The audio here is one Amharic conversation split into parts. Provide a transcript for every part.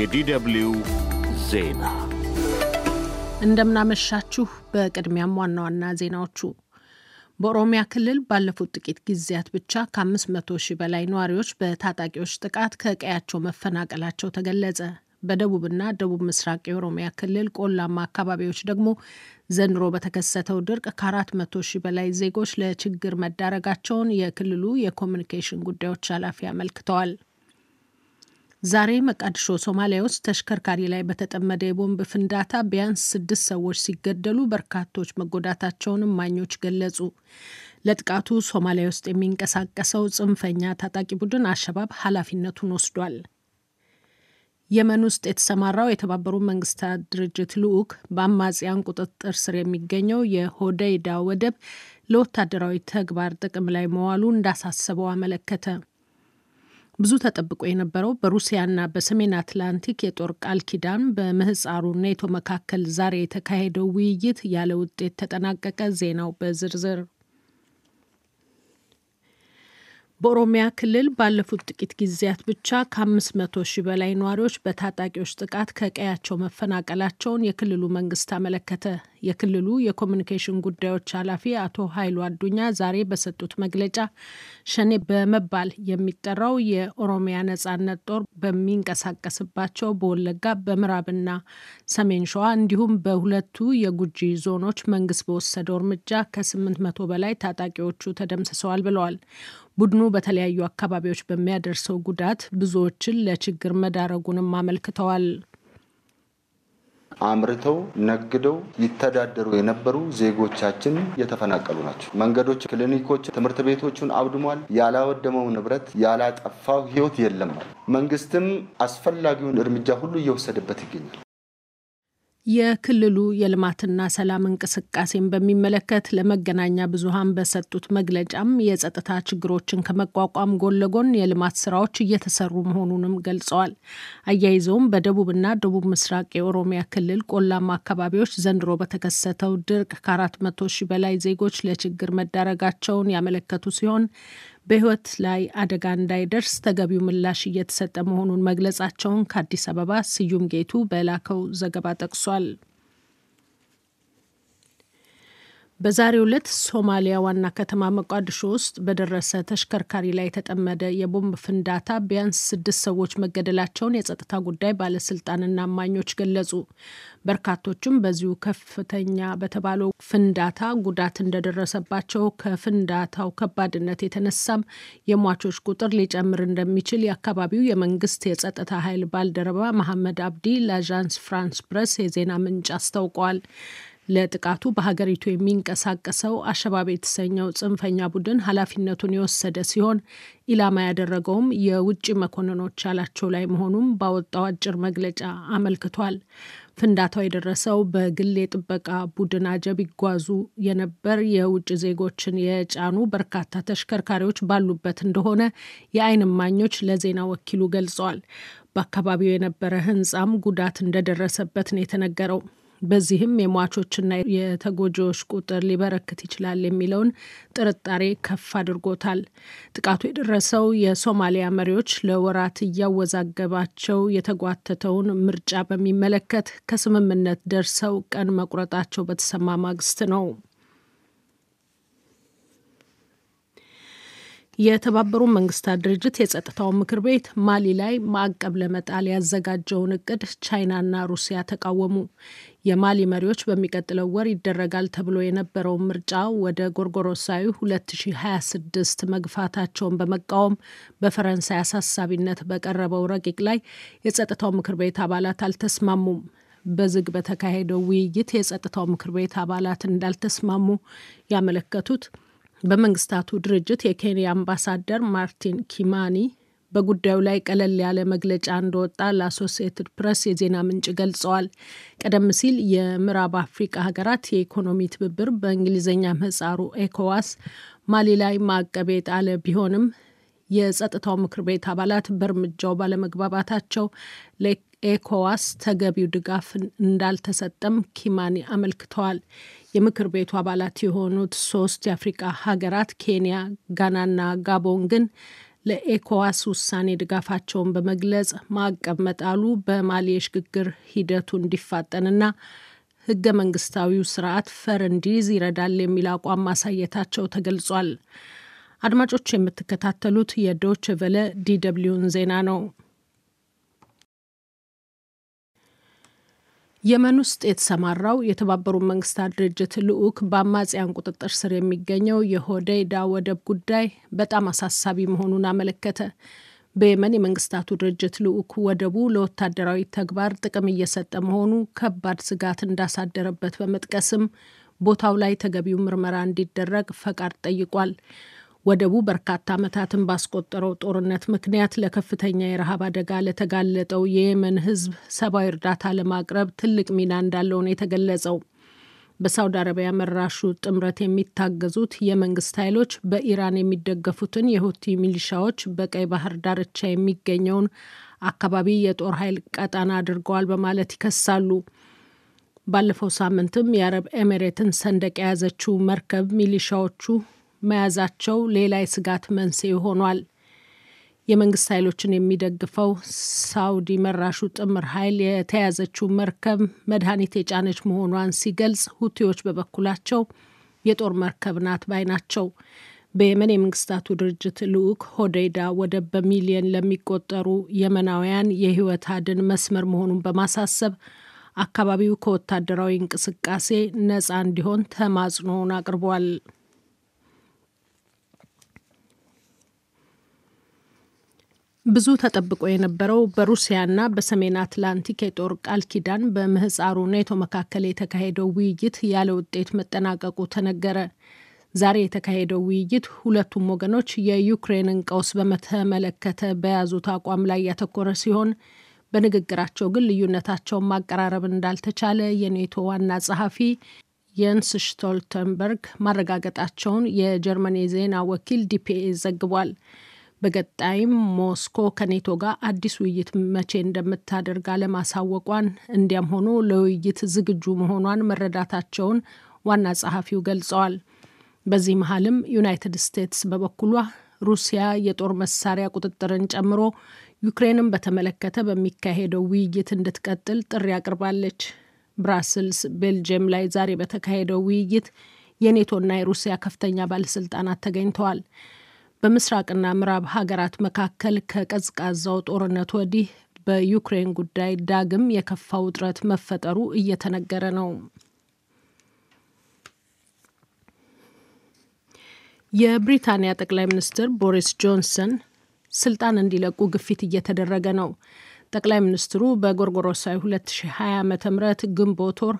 የዲደብሊው ዜና እንደምናመሻችሁ። በቅድሚያም ዋና ዋና ዜናዎቹ በኦሮሚያ ክልል ባለፉት ጥቂት ጊዜያት ብቻ ከ500 ሺህ በላይ ነዋሪዎች በታጣቂዎች ጥቃት ከቀያቸው መፈናቀላቸው ተገለጸ። በደቡብና ደቡብ ምስራቅ የኦሮሚያ ክልል ቆላማ አካባቢዎች ደግሞ ዘንድሮ በተከሰተው ድርቅ ከ400 ሺህ በላይ ዜጎች ለችግር መዳረጋቸውን የክልሉ የኮሚኒኬሽን ጉዳዮች ኃላፊ አመልክተዋል። ዛሬ መቃድሾ ሶማሊያ ውስጥ ተሽከርካሪ ላይ በተጠመደ የቦምብ ፍንዳታ ቢያንስ ስድስት ሰዎች ሲገደሉ በርካቶች መጎዳታቸውን ማኞች ገለጹ። ለጥቃቱ ሶማሊያ ውስጥ የሚንቀሳቀሰው ጽንፈኛ ታጣቂ ቡድን አሸባብ ኃላፊነቱን ወስዷል። የመን ውስጥ የተሰማራው የተባበሩት መንግስታት ድርጅት ልዑክ በአማጽያን ቁጥጥር ስር የሚገኘው የሆደይዳ ወደብ ለወታደራዊ ተግባር ጥቅም ላይ መዋሉ እንዳሳሰበው አመለከተ። ብዙ ተጠብቆ የነበረው በሩሲያና በሰሜን አትላንቲክ የጦር ቃል ኪዳን በምህፃሩ ኔቶ መካከል ዛሬ የተካሄደው ውይይት ያለ ውጤት ተጠናቀቀ። ዜናው በዝርዝር በኦሮሚያ ክልል ባለፉት ጥቂት ጊዜያት ብቻ ከ500 ሺህ በላይ ነዋሪዎች በታጣቂዎች ጥቃት ከቀያቸው መፈናቀላቸውን የክልሉ መንግስት አመለከተ። የክልሉ የኮሚኒኬሽን ጉዳዮች ኃላፊ አቶ ኃይሉ አዱኛ ዛሬ በሰጡት መግለጫ ሸኔ በመባል የሚጠራው የኦሮሚያ ነጻነት ጦር በሚንቀሳቀስባቸው በወለጋ በምዕራብና ሰሜን ሸዋ እንዲሁም በሁለቱ የጉጂ ዞኖች መንግስት በወሰደው እርምጃ ከ800 በላይ ታጣቂዎቹ ተደምስሰዋል ብለዋል። ቡድኑ በተለያዩ አካባቢዎች በሚያደርሰው ጉዳት ብዙዎችን ለችግር መዳረጉንም አመልክተዋል። አምርተው ነግደው ይተዳደሩ የነበሩ ዜጎቻችን የተፈናቀሉ ናቸው። መንገዶች፣ ክሊኒኮች፣ ትምህርት ቤቶቹን አውድሟል። ያላወደመው ንብረት ያላጠፋው ሕይወት የለም። መንግስትም አስፈላጊውን እርምጃ ሁሉ እየወሰደበት ይገኛል። የክልሉ የልማትና ሰላም እንቅስቃሴን በሚመለከት ለመገናኛ ብዙሃን በሰጡት መግለጫም የጸጥታ ችግሮችን ከመቋቋም ጎን ለጎን የልማት ስራዎች እየተሰሩ መሆኑንም ገልጸዋል። አያይዘውም በደቡብና ደቡብ ምስራቅ የኦሮሚያ ክልል ቆላማ አካባቢዎች ዘንድሮ በተከሰተው ድርቅ ከአራት መቶ ሺህ በላይ ዜጎች ለችግር መዳረጋቸውን ያመለከቱ ሲሆን በህይወት ላይ አደጋ እንዳይደርስ ተገቢው ምላሽ እየተሰጠ መሆኑን መግለጻቸውን ከአዲስ አበባ ስዩም ጌቱ በላከው ዘገባ ጠቅሷል። በዛሬው ዕለት ሶማሊያ ዋና ከተማ መቋድሾ ውስጥ በደረሰ ተሽከርካሪ ላይ የተጠመደ የቦምብ ፍንዳታ ቢያንስ ስድስት ሰዎች መገደላቸውን የጸጥታ ጉዳይ ባለስልጣንና አማኞች ገለጹ። በርካቶችም በዚሁ ከፍተኛ በተባለው ፍንዳታ ጉዳት እንደደረሰባቸው፣ ከፍንዳታው ከባድነት የተነሳም የሟቾች ቁጥር ሊጨምር እንደሚችል የአካባቢው የመንግስት የጸጥታ ኃይል ባልደረባ መሐመድ አብዲ ለአዣንስ ፍራንስ ፕረስ የዜና ምንጭ አስታውቀዋል። ለጥቃቱ በሀገሪቱ የሚንቀሳቀሰው አሸባብ የተሰኘው ጽንፈኛ ቡድን ኃላፊነቱን የወሰደ ሲሆን ኢላማ ያደረገውም የውጭ መኮንኖች ያላቸው ላይ መሆኑም ባወጣው አጭር መግለጫ አመልክቷል። ፍንዳታው የደረሰው በግል የጥበቃ ቡድን አጀብ ይጓዙ የነበር የውጭ ዜጎችን የጫኑ በርካታ ተሽከርካሪዎች ባሉበት እንደሆነ የዓይን እማኞች ለዜና ወኪሉ ገልጸዋል። በአካባቢው የነበረ ሕንፃም ጉዳት እንደደረሰበት ነው የተነገረው። በዚህም የሟቾችና የተጎጂዎች ቁጥር ሊበረክት ይችላል የሚለውን ጥርጣሬ ከፍ አድርጎታል። ጥቃቱ የደረሰው የሶማሊያ መሪዎች ለወራት እያወዛገባቸው የተጓተተውን ምርጫ በሚመለከት ከስምምነት ደርሰው ቀን መቁረጣቸው በተሰማ ማግስት ነው። የተባበሩ መንግስታት ድርጅት የጸጥታው ምክር ቤት ማሊ ላይ ማዕቀብ ለመጣል ያዘጋጀውን እቅድ ቻይናና ሩሲያ ተቃወሙ። የማሊ መሪዎች በሚቀጥለው ወር ይደረጋል ተብሎ የነበረው ምርጫ ወደ ጎርጎሮሳዊ 2026 መግፋታቸውን በመቃወም በፈረንሳይ አሳሳቢነት በቀረበው ረቂቅ ላይ የጸጥታው ምክር ቤት አባላት አልተስማሙም። በዝግ በተካሄደው ውይይት የጸጥታው ምክር ቤት አባላት እንዳልተስማሙ ያመለከቱት በመንግስታቱ ድርጅት የኬንያ አምባሳደር ማርቲን ኪማኒ በጉዳዩ ላይ ቀለል ያለ መግለጫ እንደወጣ ለአሶሲየትድ ፕሬስ የዜና ምንጭ ገልጸዋል። ቀደም ሲል የምዕራብ አፍሪካ ሀገራት የኢኮኖሚ ትብብር በእንግሊዝኛ ምህጻሩ ኤኮዋስ ማሊ ላይ ማዕቀብ የጣለ ቢሆንም የጸጥታው ምክር ቤት አባላት በእርምጃው ባለመግባባታቸው ለኤኮዋስ ተገቢው ድጋፍ እንዳልተሰጠም ኪማኒ አመልክተዋል። የምክር ቤቱ አባላት የሆኑት ሶስት የአፍሪቃ ሀገራት ኬንያ፣ ጋናና ጋቦን ግን ለኤኮዋስ ውሳኔ ድጋፋቸውን በመግለጽ ማዕቀብ መጣሉ በማሊ የሽግግር ሂደቱ እንዲፋጠንና ህገ መንግስታዊው ስርዓት ፈር እንዲይዝ ይረዳል የሚል አቋም ማሳየታቸው ተገልጿል። አድማጮች የምትከታተሉት የዶች ቨለ ዲደብሊውን ዜና ነው። የመን ውስጥ የተሰማራው የተባበሩት መንግስታት ድርጅት ልዑክ በአማጽያን ቁጥጥር ስር የሚገኘው የሆደይዳ ወደብ ጉዳይ በጣም አሳሳቢ መሆኑን አመለከተ። በየመን የመንግስታቱ ድርጅት ልዑክ ወደቡ ለወታደራዊ ተግባር ጥቅም እየሰጠ መሆኑ ከባድ ስጋት እንዳሳደረበት በመጥቀስም ቦታው ላይ ተገቢው ምርመራ እንዲደረግ ፈቃድ ጠይቋል። ወደቡ በርካታ ዓመታትን ባስቆጠረው ጦርነት ምክንያት ለከፍተኛ የረሃብ አደጋ ለተጋለጠው የየመን ሕዝብ ሰብአዊ እርዳታ ለማቅረብ ትልቅ ሚና እንዳለው ነው የተገለጸው። በሳውዲ አረቢያ መራሹ ጥምረት የሚታገዙት የመንግስት ኃይሎች በኢራን የሚደገፉትን የሁቲ ሚሊሻዎች በቀይ ባህር ዳርቻ የሚገኘውን አካባቢ የጦር ኃይል ቀጠና አድርገዋል በማለት ይከሳሉ። ባለፈው ሳምንትም የአረብ ኤሜሬትን ሰንደቅ የያዘችው መርከብ ሚሊሻዎቹ መያዛቸው ሌላ የስጋት መንስኤ ሆኗል። የመንግስት ኃይሎችን የሚደግፈው ሳውዲ መራሹ ጥምር ኃይል የተያዘችው መርከብ መድኃኒት የጫነች መሆኗን ሲገልጽ፣ ሁቲዎች በበኩላቸው የጦር መርከብ ናት ባይ ናቸው። በየመን የመንግስታቱ ድርጅት ልዑክ ሆዴይዳ ወደብ በሚሊየን ለሚቆጠሩ የመናውያን የህይወት አድን መስመር መሆኑን በማሳሰብ አካባቢው ከወታደራዊ እንቅስቃሴ ነፃ እንዲሆን ተማጽኖውን አቅርቧል። ብዙ ተጠብቆ የነበረው በሩሲያና በሰሜን አትላንቲክ የጦር ቃል ኪዳን በምህፃሩ ኔቶ መካከል የተካሄደው ውይይት ያለ ውጤት መጠናቀቁ ተነገረ። ዛሬ የተካሄደው ውይይት ሁለቱም ወገኖች የዩክሬንን ቀውስ በተመለከተ በያዙት አቋም ላይ ያተኮረ ሲሆን በንግግራቸው ግን ልዩነታቸውን ማቀራረብ እንዳልተቻለ የኔቶ ዋና ጸሐፊ የንስ ስቶልተንበርግ ማረጋገጣቸውን የጀርመን የዜና ወኪል ዲፒኤ ዘግቧል። በቀጣይም ሞስኮ ከኔቶ ጋር አዲስ ውይይት መቼ እንደምታደርግ አለማሳወቋን እንዲያም ሆኖ ለውይይት ዝግጁ መሆኗን መረዳታቸውን ዋና ጸሐፊው ገልጸዋል። በዚህ መሀልም ዩናይትድ ስቴትስ በበኩሏ ሩሲያ የጦር መሳሪያ ቁጥጥርን ጨምሮ ዩክሬንን በተመለከተ በሚካሄደው ውይይት እንድትቀጥል ጥሪ አቅርባለች። ብራስልስ ቤልጅየም ላይ ዛሬ በተካሄደው ውይይት የኔቶና የሩሲያ ከፍተኛ ባለስልጣናት ተገኝተዋል። በምስራቅና ምዕራብ ሀገራት መካከል ከቀዝቃዛው ጦርነት ወዲህ በዩክሬን ጉዳይ ዳግም የከፋ ውጥረት መፈጠሩ እየተነገረ ነው። የብሪታንያ ጠቅላይ ሚኒስትር ቦሪስ ጆንሰን ስልጣን እንዲለቁ ግፊት እየተደረገ ነው። ጠቅላይ ሚኒስትሩ በጎርጎሮሳዊ 2020 ዓ ም ግንቦት ወር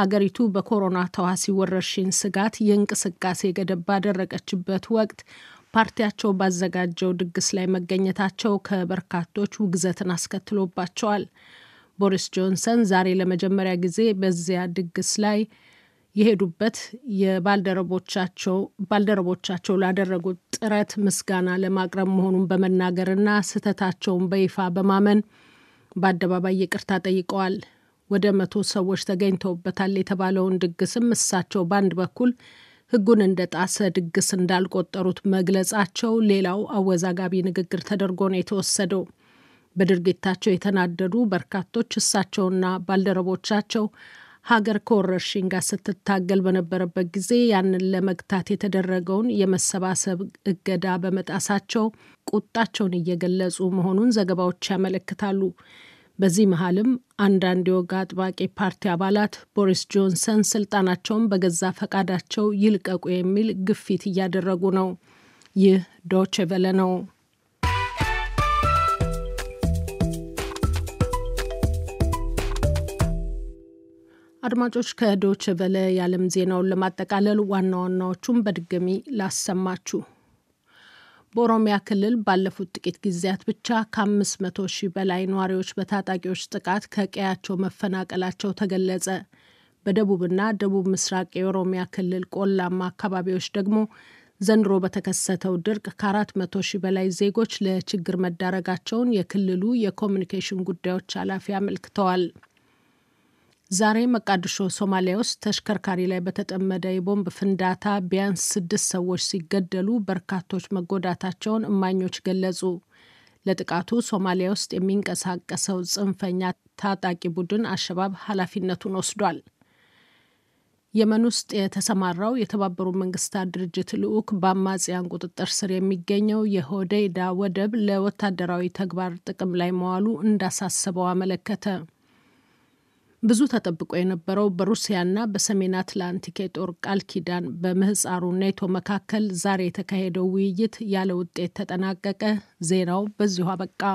ሀገሪቱ በኮሮና ተዋሲ ወረርሽኝ ስጋት የእንቅስቃሴ ገደብ ባደረገችበት ወቅት ፓርቲያቸው ባዘጋጀው ድግስ ላይ መገኘታቸው ከበርካቶች ውግዘትን አስከትሎባቸዋል። ቦሪስ ጆንሰን ዛሬ ለመጀመሪያ ጊዜ በዚያ ድግስ ላይ የሄዱበት የባልደረቦቻቸው ባልደረቦቻቸው ላደረጉት ጥረት ምስጋና ለማቅረብ መሆኑን በመናገርና ስህተታቸውን በይፋ በማመን በአደባባይ ይቅርታ ጠይቀዋል። ወደ መቶ ሰዎች ተገኝተውበታል የተባለውን ድግስም እሳቸው በአንድ በኩል ህጉን እንደ ጣሰ ድግስ እንዳልቆጠሩት መግለጻቸው ሌላው አወዛጋቢ ንግግር ተደርጎ ነው የተወሰደው። በድርጊታቸው የተናደዱ በርካቶች እሳቸውና ባልደረቦቻቸው ሀገር ከወረርሽኝ ጋር ስትታገል በነበረበት ጊዜ ያንን ለመግታት የተደረገውን የመሰባሰብ እገዳ በመጣሳቸው ቁጣቸውን እየገለጹ መሆኑን ዘገባዎች ያመለክታሉ። በዚህ መሀልም አንዳንድ የወግ አጥባቂ ፓርቲ አባላት ቦሪስ ጆንሰን ስልጣናቸውን በገዛ ፈቃዳቸው ይልቀቁ የሚል ግፊት እያደረጉ ነው። ይህ ዶቼ ቬለ ነው። አድማጮች ከዶቼ ቬለ የዓለም ዜናውን ለማጠቃለል ዋና ዋናዎቹን በድጋሚ ላሰማችሁ። በኦሮሚያ ክልል ባለፉት ጥቂት ጊዜያት ብቻ ከአምስት መቶ ሺህ በላይ ነዋሪዎች በታጣቂዎች ጥቃት ከቀያቸው መፈናቀላቸው ተገለጸ። በደቡብና ደቡብ ምስራቅ የኦሮሚያ ክልል ቆላማ አካባቢዎች ደግሞ ዘንድሮ በተከሰተው ድርቅ ከአራት መቶ ሺህ በላይ ዜጎች ለችግር መዳረጋቸውን የክልሉ የኮሚኒኬሽን ጉዳዮች ኃላፊ አመልክተዋል። ዛሬ መቃድሾ ሶማሊያ ውስጥ ተሽከርካሪ ላይ በተጠመደ የቦምብ ፍንዳታ ቢያንስ ስድስት ሰዎች ሲገደሉ በርካቶች መጎዳታቸውን እማኞች ገለጹ። ለጥቃቱ ሶማሊያ ውስጥ የሚንቀሳቀሰው ጽንፈኛ ታጣቂ ቡድን አሸባብ ኃላፊነቱን ወስዷል። የመን ውስጥ የተሰማራው የተባበሩት መንግስታት ድርጅት ልዑክ በአማጽያን ቁጥጥር ስር የሚገኘው የሆዴይዳ ወደብ ለወታደራዊ ተግባር ጥቅም ላይ መዋሉ እንዳሳሰበው አመለከተ። ብዙ ተጠብቆ የነበረው በሩሲያና በሰሜን አትላንቲክ የጦር ቃል ኪዳን በምህፃሩ ኔቶ መካከል ዛሬ የተካሄደው ውይይት ያለ ውጤት ተጠናቀቀ። ዜናው በዚሁ አበቃ።